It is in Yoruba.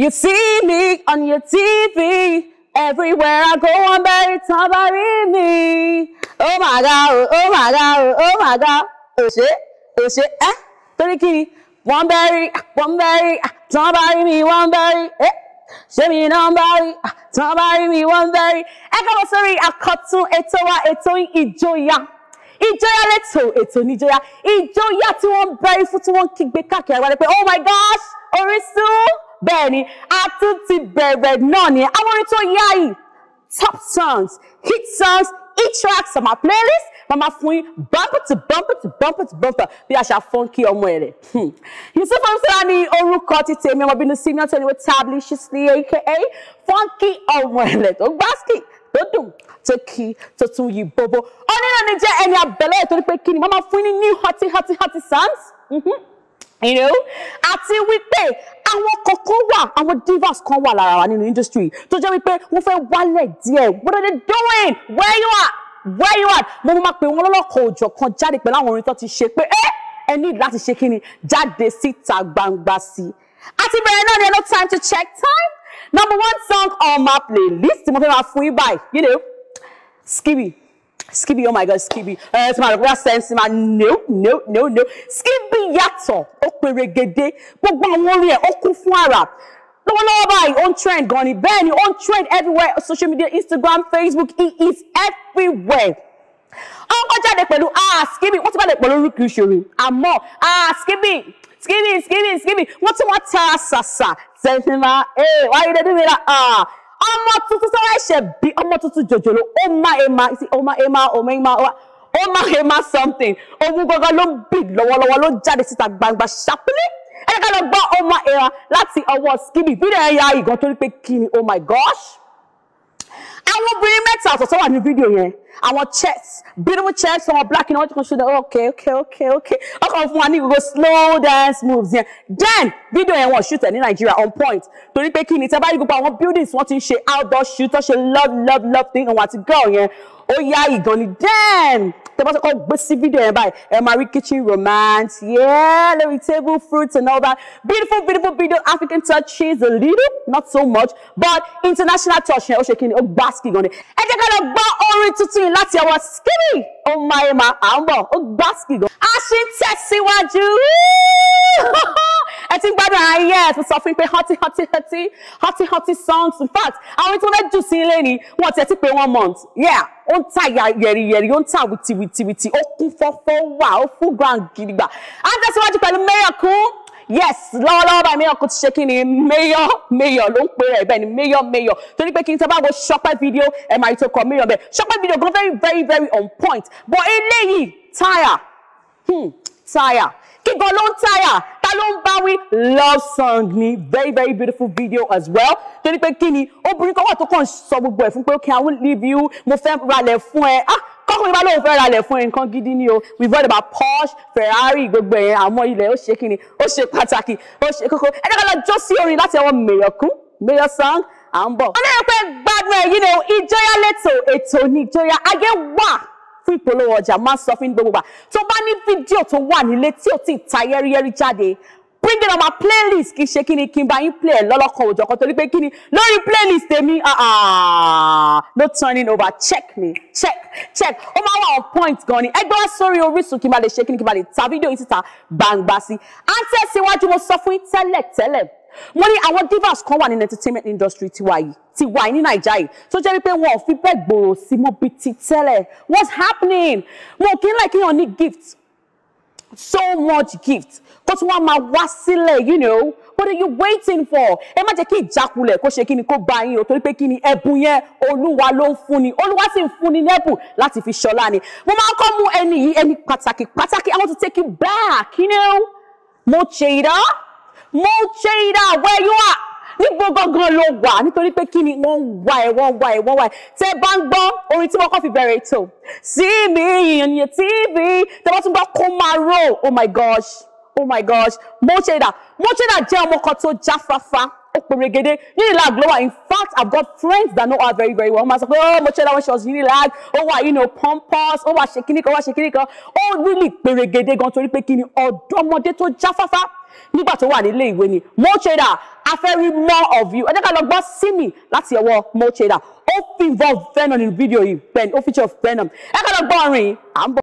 You see me on your TV. Everywhere I go, I'm buried somebody me. Oh my God, oh my God, oh my God. Oh shit, oh shit, eh? Torí kini, ni? Wọ́n bẹ́rí, wọ́n bẹ́rí, tán bá rí eh? Ṣé mi náà bá me, tán bá rí mi, wọ́n bẹ́rí. Ẹ káàbọ̀ sórí àkọ́tún ètò wa ètò ìjọyà ìjọyà lẹ́tọ̀ ètò níjọyà ìjọyà tí wọ́n bẹ́rí fún tí wọ́n kígbe káàkiri àgbáyé oh my gosh bẹ́ẹ̀ ni a tún ti bẹ̀rẹ̀ náà ni àwọn orin tó yá yìí top songs hit songs hit tracks on my playlist màmá fún yín bumper to bumper to bumper to bumper bí a ṣe àfọ́nkí ọmọ ẹ̀ rẹ̀. Hmm. Yusuf Amusala ni orúkọ ti tèmi ọmọ bínú sí ní ọ̀tọ̀ ìwé tábìlì ṣíṣí aka fọ́nkí ọmọ ẹ̀ rẹ̀ tó gbásíkì tó dùn tó kí tó tún yí bóbó. onírọ̀ ni jẹ́ ẹni àbẹ̀lẹ̀ torí pé kí ni màmá fún yín ní hoti hoti hoti sounds. Mm-hmm you know àti wípé àwọn kọ̀ọ̀kan wà àwọn divas kan wà lára wa nínú industry tó jẹ́ wípé wọ́n fẹ́ wálẹ̀ díẹ̀ what are they doing where you are where you are mo máa pè wọ́n lọ́lọ́kọ̀ òjọ̀ kan jáde pẹ̀lú àwọn orin tó ti ṣe pé ẹ ẹ ní láti ṣe kíni jáde síta gbangba sí i àti bẹ̀rẹ̀ náà ni no time to check time number one song on my playlist mo fẹ́ máa fún yín báyìí you know skibby. Skibby, oh my God, Skibby. Uh, it's my real sense, man. No, no, no, no. Skibby yàtọ̀ pèrègèdè gbogbo àwọn orin ẹ̀ ó kún fún àrà lọ́wọ́lọ́wọ́ báyìí on trend gan ni bẹ́ẹ̀ ni on trend everywhere social media Instagram Facebook it is everywhere àwọn kan jáde pẹ̀lú askibi wọ́n ti bàlẹ̀ pẹ̀lú orí kìí ṣòro àmọ́ ah skibi skibi skibi wọ́n ti wọ́n ta ṣàṣà tẹ̀síma ee wáyé dédé mi ra ah ọmọ tuntun sọ́wọ́ ẹ̀ṣẹ̀ bí ọmọ tuntun jòjòló ó má ema ó má ema ó má ema ó má ó má he má something ohun gangan ló ń bì lọ́wọ́lọ́wọ́ ló ń jáde síta gbangba ṣàpínlẹ ẹ ká lọ gbọ́ oh my era láti ọwọ́ skibby fídíò ẹ̀yà ìgàn torí pé kí ni oh my gosh àwọn obìnrin mẹ́ta ọ̀tọ̀ọ̀tọ̀ wà ní fídíò yẹn àwọn chest beautiful chest ọmọ black ni wọ́n ti kàn ṣe okay, okay, ok ok ok ọkàn fún wa ní gbogbo slow dance moves yẹn then video yẹn wọ́n shoot ẹ̀ ní Nigeria on point torí pé kí ni tẹ́ bá rí gbogbo àwọn buildings wọ́n ti ń ṣe outdoor shoot wọ́n love love love thing àwọn àti girl yẹn ó yá ìgànnì then tẹ́ bá sọ́kọ́ gbé sí fídíò yẹn báyìí ẹ máa rí kitchen romance yeah lórí table fruits and all that beautiful beautiful video African touch is a little not so much but international touch yẹn ó ṣe kí ni ó gbásìkì gan ni ẹ jẹ́ ká lọ gbọ́ orin tuntun yìí láti ọwọ́ skinny ọmọ ẹ̀ máa à ń bọ̀ ó gbásìkì gan. a ṣe ń tẹ̀síwájú. ẹ ti ń gbádùn ara yẹ ẹ ti sọ fún mi pé hoti hoti hoti hoti hoti songs in fact àwọn tí wọ́n fẹ́ jù sí ilé ni wọ́n ti ẹ ti pé one month yeah ó ń ta yẹ̀rìyẹ̀rì ó ń ta wìtìwìtìwìtì ó kún fọ́fọ́ wà ó fún ground gidigba à ń tẹ̀síwájú pẹ̀lú mayor kún yes lọ́wọ́lọ́wọ́ báyìí mayor kún ti ṣe kí ni mayor mayor ló ń pè rẹ̀ bẹ́ẹ̀ ni mayor mayor torí pé kí n tẹ́ bá wo ṣọpẹ́ fídíò ẹ̀ máa tó kọ mayor bẹ́ẹ̀ ṣọpẹ́ fídíò gan very very very on point but eléyìí táyà hmm, tire. kí gan ló ń táyà ta ló love song ni very very beautiful video as well torí pé kí ni obìnrin kan wà tó kàn sọ gbogbo ẹ̀ fún pé okay i won't leave you mo fẹ́ ralẹ̀ fún ẹ ah kọkùnrin bá lóun fẹ́ ralẹ̀ fún ẹ nǹkan gidi ni o we've heard about Porsche Ferrari gbogbo ẹ̀yẹn àmọ́ ilẹ̀ ó ṣe kí ni ó ṣe pàtàkì ó ṣe kókó ẹ dákàlá jọ sí orin láti ẹwọ́ mẹ̀yọ̀kún mẹ̀yọ̀ song à ń bọ̀. ọlọ́run pé gbádùn ẹ̀yìn o ìjọyà lẹ́tọ̀ ètò ní ìjọyà ayé wà fún ìpolówó ọjà máa ń sọ fún gbogbo gbà tó bá ní fídíò tó wà nílé tí ò tí ì ta yẹ́rìyẹ́rì jáde bring it on my playlist kì í ṣe kí ni kí n bá yín play ẹ̀ lọ́lọ́kan òjọ̀kan torí pé kí ni lórí playlist tèmi ah, ah, no turning over check me check check ó máa wà on point gan ni ẹgbẹ́ wá sórí Orísun kí n bá lè ṣe kí ni kí n bá lè ta fídíò yìí síta gbangba sí i à ń tẹ̀síwájú mo sọ fún yín tẹ́lẹ̀ tẹ́lẹ̀ mo ní àwọn divas kan wà ní entertainment industry tiwa yìí tiwa yìí ní naija yìí tó jẹ́ wípé wọn ò fi bẹ́ẹ̀ gbòòrò sí mọ́ bíi ti tẹ́lẹ̀ what's happening mo kì í láì kéèyàn ní gift so much gift kó tí wọ́n máa wá sílẹ̀ you know what are you waiting for ẹ má jẹ́ kí ìjákulẹ̀ kó ṣe kí ni kó bá yín o torí pé kí ni ẹ̀bùn yẹn olúwa ló ń fún ni olúwa sì ń fún ni lẹ́bùn láti fi ṣọlá ni mo máa ń kọ́ mú ẹni yìí ẹni pàtàkì pàtàkì i want to take you back you know mo ṣe ìdá mo Cheetah where you are níbo gangan ló wà nítorí pé kí ni wọ́n ń wá ẹ̀ wọ́n ń wá ẹ̀ wọ́n ń wá ẹ̀ tẹ́ bá ń gbọ́ orin tí wọ́n kọ́ fi bẹ̀rẹ̀ ètò sí mi ìyẹn tv tẹ́ bá tún gbọ́ kó máa roll oh my gosh oh my gosh mo Cheetah mo Cheetah jẹ́ ọmọ kan tó jáfáfá ó pèrègede unilag ló wà in fact i've got friends that know her very very well wọ́n máa sọ pé ó oh, mo ṣe láwọn ṣọ́ọ̀ṣì unilag ó wà you know pompous oh, wà ṣe kíní kan ó wà ṣe kíní kan ó really pèrègede gan torí pé kíni ọ̀dọ́mọdé tó jáfáfá nígbà tó wà nílé ìwé ni mo I a fẹ́ rí more of you ẹ jẹ́ ká lọ gbọ́ sí mi láti ọwọ́ mo trader ó fi involve venom nínú fídíò yìí ó feature venom ẹ ká lọ gbọ́ orin à ń bọ̀.